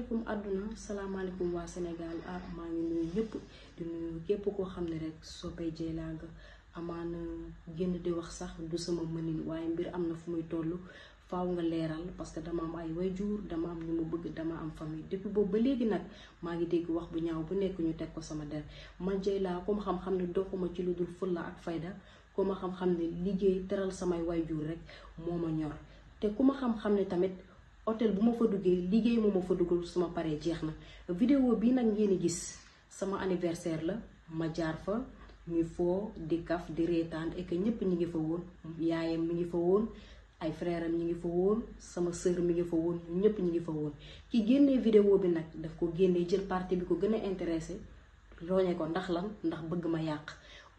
salaamaaleykum àdduna salaamaaleykum waa senegaal ah maa ngi nuyu képp koo xam ne rek soppee Dieyla nga amaana génn di wax sax du sama mënin waaye mbir am na fu muy toll faw nga leeral parce que dama am ay way jur dama am ñu ma bëgg dama am famille depuis boobu ba léegi nag maa ngi dégg wax bu ñaaw bu nekk ñu teg ko sama der man Dieyla comme xam-xam ne doxuma ci lu dul fulla ak fayda ko ma xam-xam ne liggéey teral samay waajur rek moo ma ñor te ku ma xam-xam ne tamit. hôtel bu ma fa duggee liggéey moo ma fa duggul suma paree jeex na vidéo bi nag ngeen di gis sama anniversaire la ma jaar fa ñu foo di kaf di reetaan et que ñépp ñi ngi fa woon yaayam mi ngi fa woon ay frère am ñi ngi fa woon sama sœur mi ngi fa woon ñépp ñi ngi fa woon ki génnee vidéo bi nag daf ko génnee jël parti bi ko gën a intéressé rooñee ko ndax lan ndax bëgg ma yàq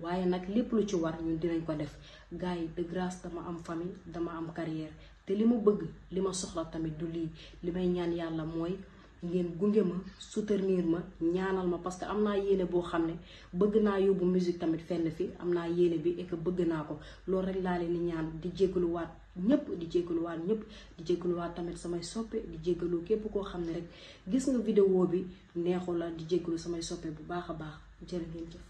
waaye nag lépp lu ci war ñu dinañ ko def gars yi de grâce dama am famille dama am carrière te li ma bëgg li ma soxla tamit du lii li may ñaan yàlla mooy ngeen gunge ma soutenir ma ñaanal ma parce que am naa yéene boo xam ne bëgg naa yóbbu musique tamit fenn fi am naa yéene bi et bëgg naa ko loolu rek laa leen di ñaan di jégaluwaat ñëpp di jégaluwaat ñëpp di jégaluwaat tamit samay soppe di jégalu képp koo xam ne rek gis nga video bi neexu la di jégalu samay soppe bu baax a baax jërë ngeen jëf